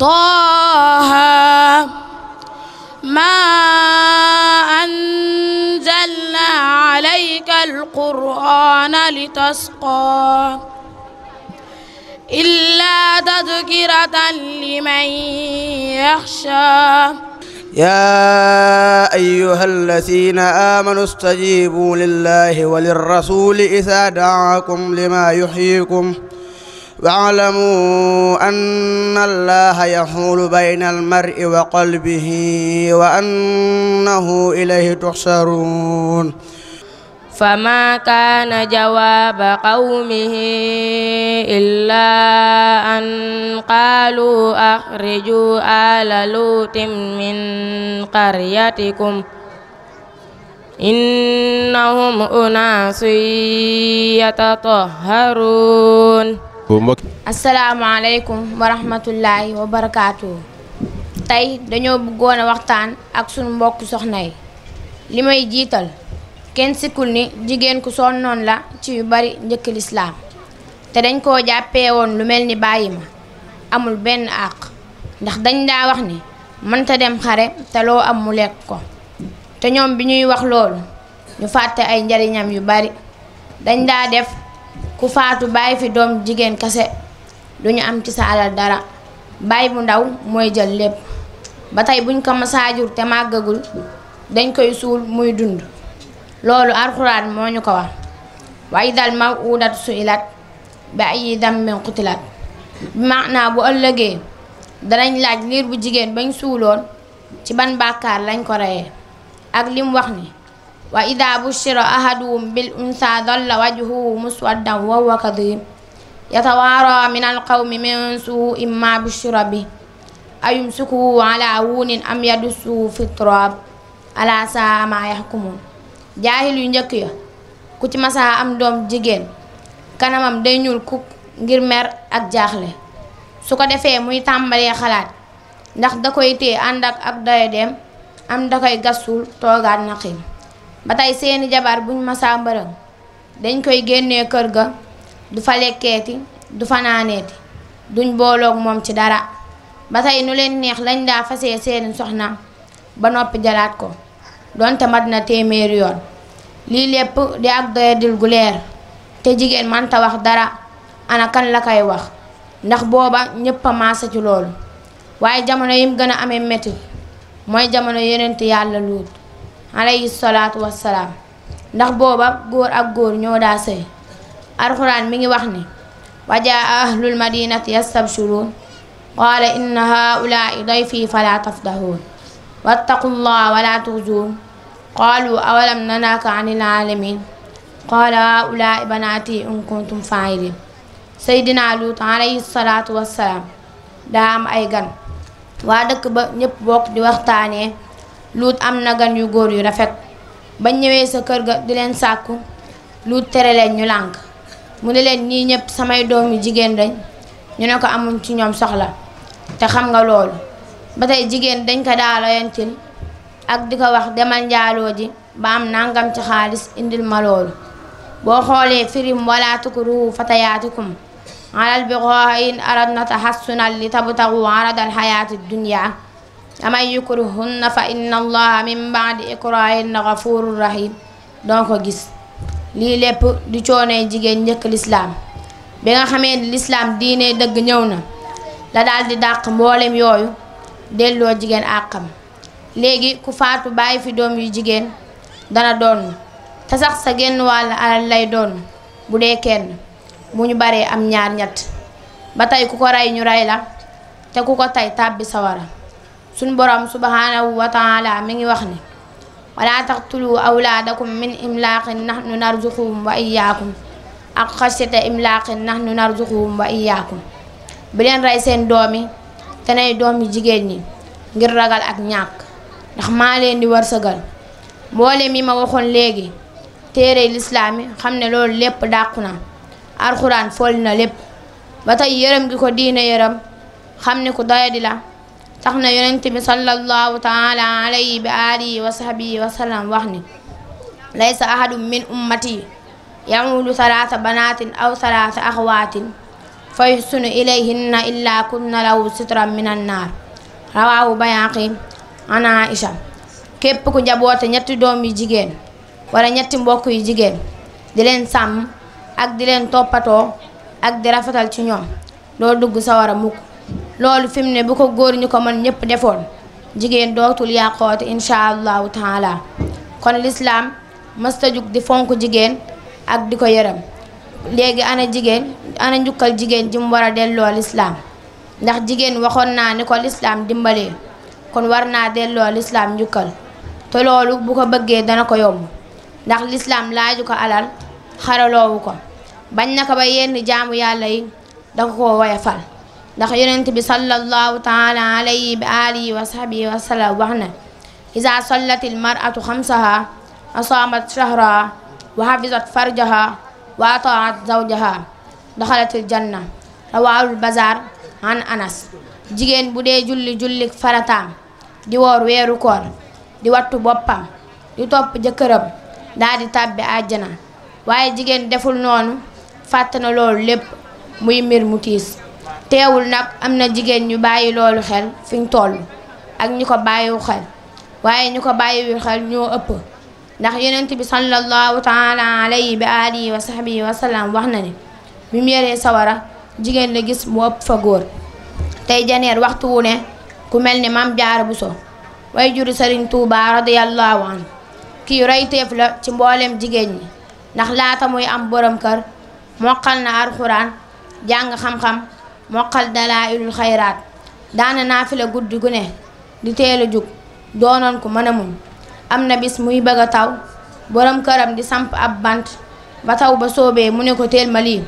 طه ما أنزلنا عليك القرآن لتسقى إلا تذكرة لمن يخشى يا أيها الذين آمنوا استجيبوا لله وللرسول إذا دعاكم لما يحييكم واعلموا أن الله يحول بين المرء وقلبه وأنه إليه تحشرون فما كان جواب قومه إلا أن قالوا أخرجوا آل لوط من قريتكم إنهم أناس يتطهرون mbokk asalaamaaleykum wa wa barakaatu. tey dañoo bëggoon a waxtaan ak sunu mbokk soxna yi li may jiital kenn sikkul ni jigéen ku sonnoon la ci yu bari njëkk lislaam te dañ koo jàppee woon lu mel ni bàyyi ma amul benn àq ndax dañ daa wax ni mënta dem xare te loo am mu lekk ko te ñoom bi ñuy wax loolu ñu fàtte ay njariñam yu bari dañ daa def ku faatu bàyyi fi doom jigéen kase ñu am ci sa alal dara bàyyi bu ndaw mooy jël lépp ba tey buñ ko masaajur te màggagul dañ koy suul muy dund loolu alxuraan moo ñu ko wax wa idal mawudat suilat bi ayyi dammin qutilat bi maanaa bu ëllëgee danañ laaj liir bu jigéen bañ suuloon ci ban bàkkaar lañ ko reyee ak lim wax ni wa ida bushira ahaduhum bil unsa dalla wajhuhu muswaddan wa huwa kadhim yatawaara min alqawmi min suui ma bushira bi ayumsikuhu ala wuunin am yadussuhu fi turaab ala saa ma jaahil yu njëkk ya ku ci masaa am doom jigéen kanamam day ñuul kukk ngir mer ak jaaxle su ko defee muy tàmbalee xalaat ndax da koy téye ànd ak ak doye am da koy gasul toogaat naqim ba tey seeni jabar buñ masaa mbërëng dañ koy génnee kër ga du fa lekkeeti du fa naaneeti duñ booloog moom ci dara ba tey nu leen neex lañ daa fasee seeni soxna ba noppi jalaat ko donte mat na téeméeri yoon lii lépp di ak doyadil gu leer te jigéen manta wax dara ana kan la koy wax ndax booba ñépp a maasa ci loolu waaye jamono yim gën a amee metti mooy jamono yonent yàlla luut alayhi salaatu wassalaam ndax booba góor ak góor ñoo daa sëy alxuraan mi ngi wax ni wajaa ahlul madinati yastabshiruun qaala inna haulaai dayfii falaa tafdahuun wattaqu llaha walaa tuxzuun qaalu awalam nanaaka anil aalamiin qaala haulaai banaatii in kuntum faa'iliin seydina luut alayhi salaatu wassalaam daa am ay gan waa dëkk ba ñépp bokk di waxtaanee luut am na gan yu góor yu rafet ba ñëwee sa kër ga di leen sàkku luut tere leen ñu lànk mu ne leen ñii ñëpp samay doom yu jigéen dañ ñu ne ko amul ci ñoom soxla te xam nga loolu ba tey jigéen dañ ko daaloyantil ak di ko wax demal njaaloo ji ba am nangam ci xaalis indil ma loolu boo xoolee firim wala tukruhu fatayaatikum alal bi xooxayin arad na taxassunal li tabtagu aradal xayaati dunia aman yukrihunna fa inna allaha min baadi ikrahinna gafurur rahim don ko gis lii lépp di coonee jigéen njëkk lislaam bi nga xamee ni lislaam diine dëgg ñëw na la daal dàq mboolem yooyu delloo jigéen àqam léegi ku faatu bàyyi fi doom yu jigéen dana doon te sax sa genn wàll alal lay doon bu dee kenn bu ñu baree am ñaar ñett ba tey ku ko rey ñu rey la te ku ko tey tàbbi sawara suñ borom subhanahu wa taala mi ngi wax ni wala taqtulu awlaadakum min imlaaqin nahnu narzuquhum wa iyyaakum ak xasita imlaaqin nahnu narzuquhum wa iyyaakum bu leen rey seen doom yi te nay doom yi jigéen ñi ngir ragal ak ñàkk ndax maa leen di wërsëgal mboolem mi ma waxoon léegi téere lislaam yi xam ne loolu lépp dàqu na alxuraan fol na lépp ba tey yërëm gi ko diine yërëm xam ne ko doyadi la tax na yonent bi sallallahu taala bi alihi wa sahbihi wax ni laysa ahadun min ummati yamudu salaasa banaatin aw salaasa axawaatin fa yuhsinu ilayhinna illaa kunna lahu sitran min annaar rawaahu bayaaqi an aisha képp ku njaboote ñetti doom yu jigéen wala ñetti mbokk yu jigéen di leen sàmm ak di leen toppatoo ak di rafetal ci ñoom doo dugg sawara mukk loolu fi mu ne bu ko góor ñu ko mën ñëpp defoon jigéen dootul yàqoote incha allahu taala kon lislaam mësta jug di fonk jigéen ak di ko yërëm léegi ana jigéen ana njukkal jigéen ji mu war a delloo lislaam ndax jigéen waxoon naa ni ko lislaam dimbalee kon war naa delloo lislaam njukkal te loolu bu ko bëggee dana ko yomb ndax lislaam laaju ko alal xaraloowu ko bañ na ko ba yenn jaamu yàlla yi da ko ko woyafal ndax yonent bi sallallahu taala alayhi bi alihi wa sahbihi wa wax na iza sallatil mar'atu xamsaha asaamat shahraha wa hafizat farjaha wa ataat zawjaha daxalatil janna rawaahul bazaar an anas jigéen bu dee julli julli farataam di woor weeru koor di wattu boppam di topp jëkkëram daal tàbbi àjjana waaye jigéen deful noonu fàtte na loolu lépp muy mbir mu tiis teewul nag am na jigéen ñu bàyyi loolu xel fi ñu toll ak ñu ko bàyyiwu xel waaye ñu ko bàyyiwu xel ñoo ëpp ndax yonent bi sallallahu taala alayhi bi alihi wa sahbihi wa wax na ne bi mu yoree sawara jigéen la gis mu ëpp fa góor tey janeer waxtu wu ne ku mel ni Maam bu so way juri Sëriñ Tuubaa radiyallahu anhu kii royteef la ci mboolem jigéen ñi ndax laata muy am borom kër mokkal na alxuraan jàng xam-xam moqal dalaayul xayraat daane daana naafila gudd gu ne di teel a jug doonoon ko mën a muñ am na bis muy bëgg a taw borom këram di samp ab bant ba taw ba soobee mu ne ko teel ma lii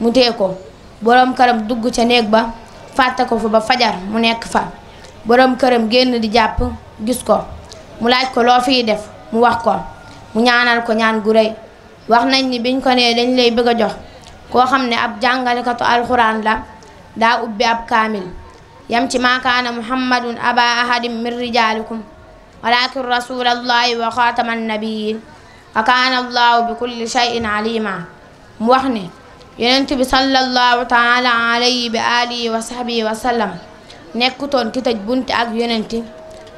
mu tee ko borom këram dugg ca néeg ba fàtte ko fa ba fajar mu nekk fa borom këram génn di jàpp gis ko mu laaj ko loo fiy def mu wax ko mu ñaanal ko ñaan gu rëy wax nañ ni biñ ko nee dañ lay bëgg a jox koo xam ne ab jàngalekatu alxuraan la daa ubbi ab kaamil yam ci maa kaana muhammadun aba ahadin min rijaalikum walakin rasulallahi wa xaatama annabiyin wa kaana allahu bi kulli shayin alima mu wax ne yonent bi sallallahu taala alayhi bi alihi ak yonenti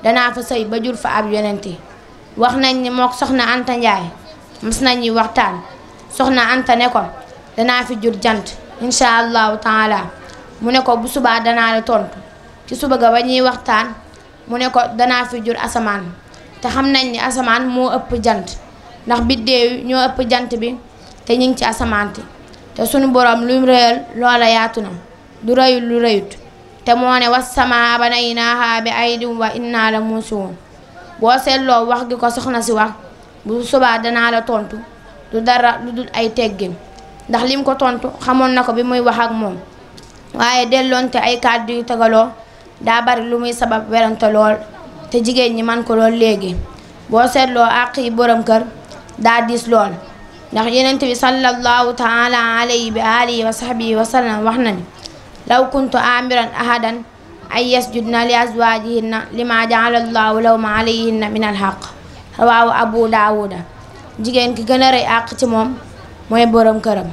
danaa fa ba jur fa ab yonenti wax nañ ni mook soxna Anta Njaay mas nañ ñi waxtaan soxna Anta ne ko danaa fi jur jant incha allahu taala mu ne ko bu subaa danaa la tontu ci suba ga ba ñuy waxtaan mu ne ko danaa fi jur asamaan te xam nañ ni asamaan moo ëpp jant ndax biddeew ñoo ëpp jant bi te ñu ngi ci asamaante te sunu borom lu rëyal loola yaatu na du rëyul lu rëyut te moo ne was samaa banaynaahaa bi aydin wa innaa la muusiwoon boo seetloo wax gi ko soxna si wax bu subaa danaa la tontu du dara lu dul ay teggin ndax lim ko tontu xamoon na ko bi muy wax ak moom waaye delloonte ay kàddu yu tegaloo daa bari lu muy sabab werante lool te jigéen ñi man ko lool léegi boo seetloo àq yi borom kër daa diis lool ndax yenent bi sallallahu taala alayhi bi alihi wa sahbihi wa sallam wax na ni law kuntu amiran ahadan ay yasjudna li azwajihinna lima jaala allahu lahum alayhinna min alxaq rawaawu abu daawuda jigéen ki gën a rëy àq ci moom mooy borom këram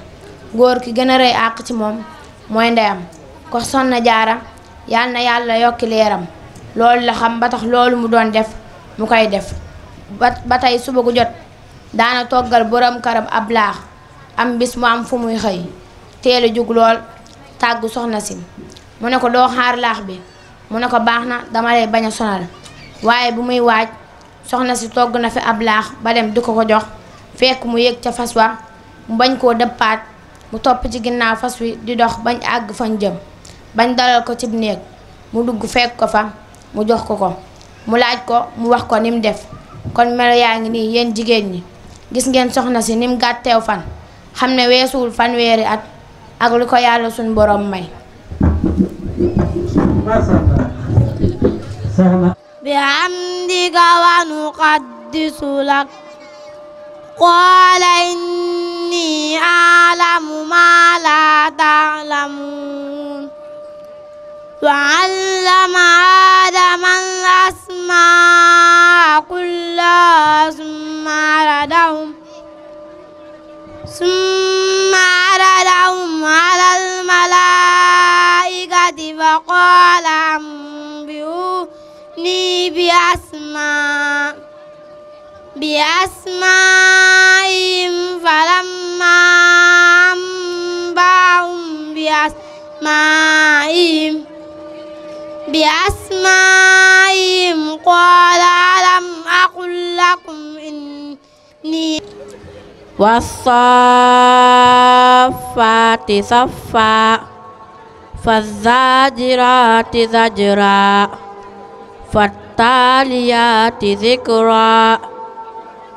góor ki gën a rëy àq ci moom mooy ndeyam ko sonn jaara yal na yàlla yokki leeram loolu la xam ba tax loolu mu doon def mu koy def ba ba tey suba gu jot daana toggal borom këram ab laax am bis mu am fu muy xëy teel a jug lool tàgg soxna si mu ne ko doo xaar laax bi mu ne ko baax na dama lay bañ a sonal waaye bu muy waaj soxna si togg na fi ab laax ba dem di ko jox fekk mu yëg ca fas wa mu bañ koo dëppaat mu topp ci ginnaaw fas wi di dox bañ àgg fañ jëm bañ dalal ko cib néeg mu dugg fekk ko fa mu jox ko ko mu laaj ko mu wax ko ni mu def kon melo yaa ngi nii yéen jigéen ñi gis ngeen soxna si ni mu gàtteew fan xam ne weesuwul fanweeri at ak lu ko yàlla suñ borom may قال إني أعلم ما لا تعلمون وعلم آدم الأسماء كلها ثم عرضهم ثم عرضهم على الملائكة فقال أنبئوني بأسماء بأسماء بأسمائهم بأسمائهم قال ألم أقل لكم إني والصافات صفا فالزاجرات زجرا فالتاليات ذكرا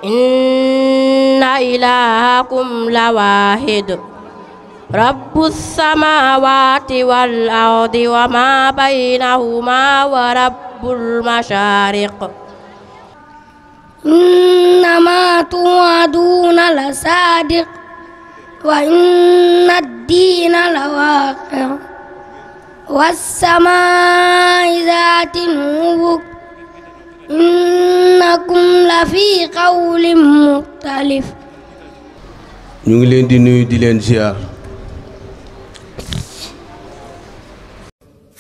إن إلهكم لواحد رب السماوات والأرض وما بينهما ورب المشارق إنما توعدون لصادق وإن الدين لواقع والسماء ذات النبك إنكم لفي قول مختلف ñu ngi leen di nuyu di leen ziar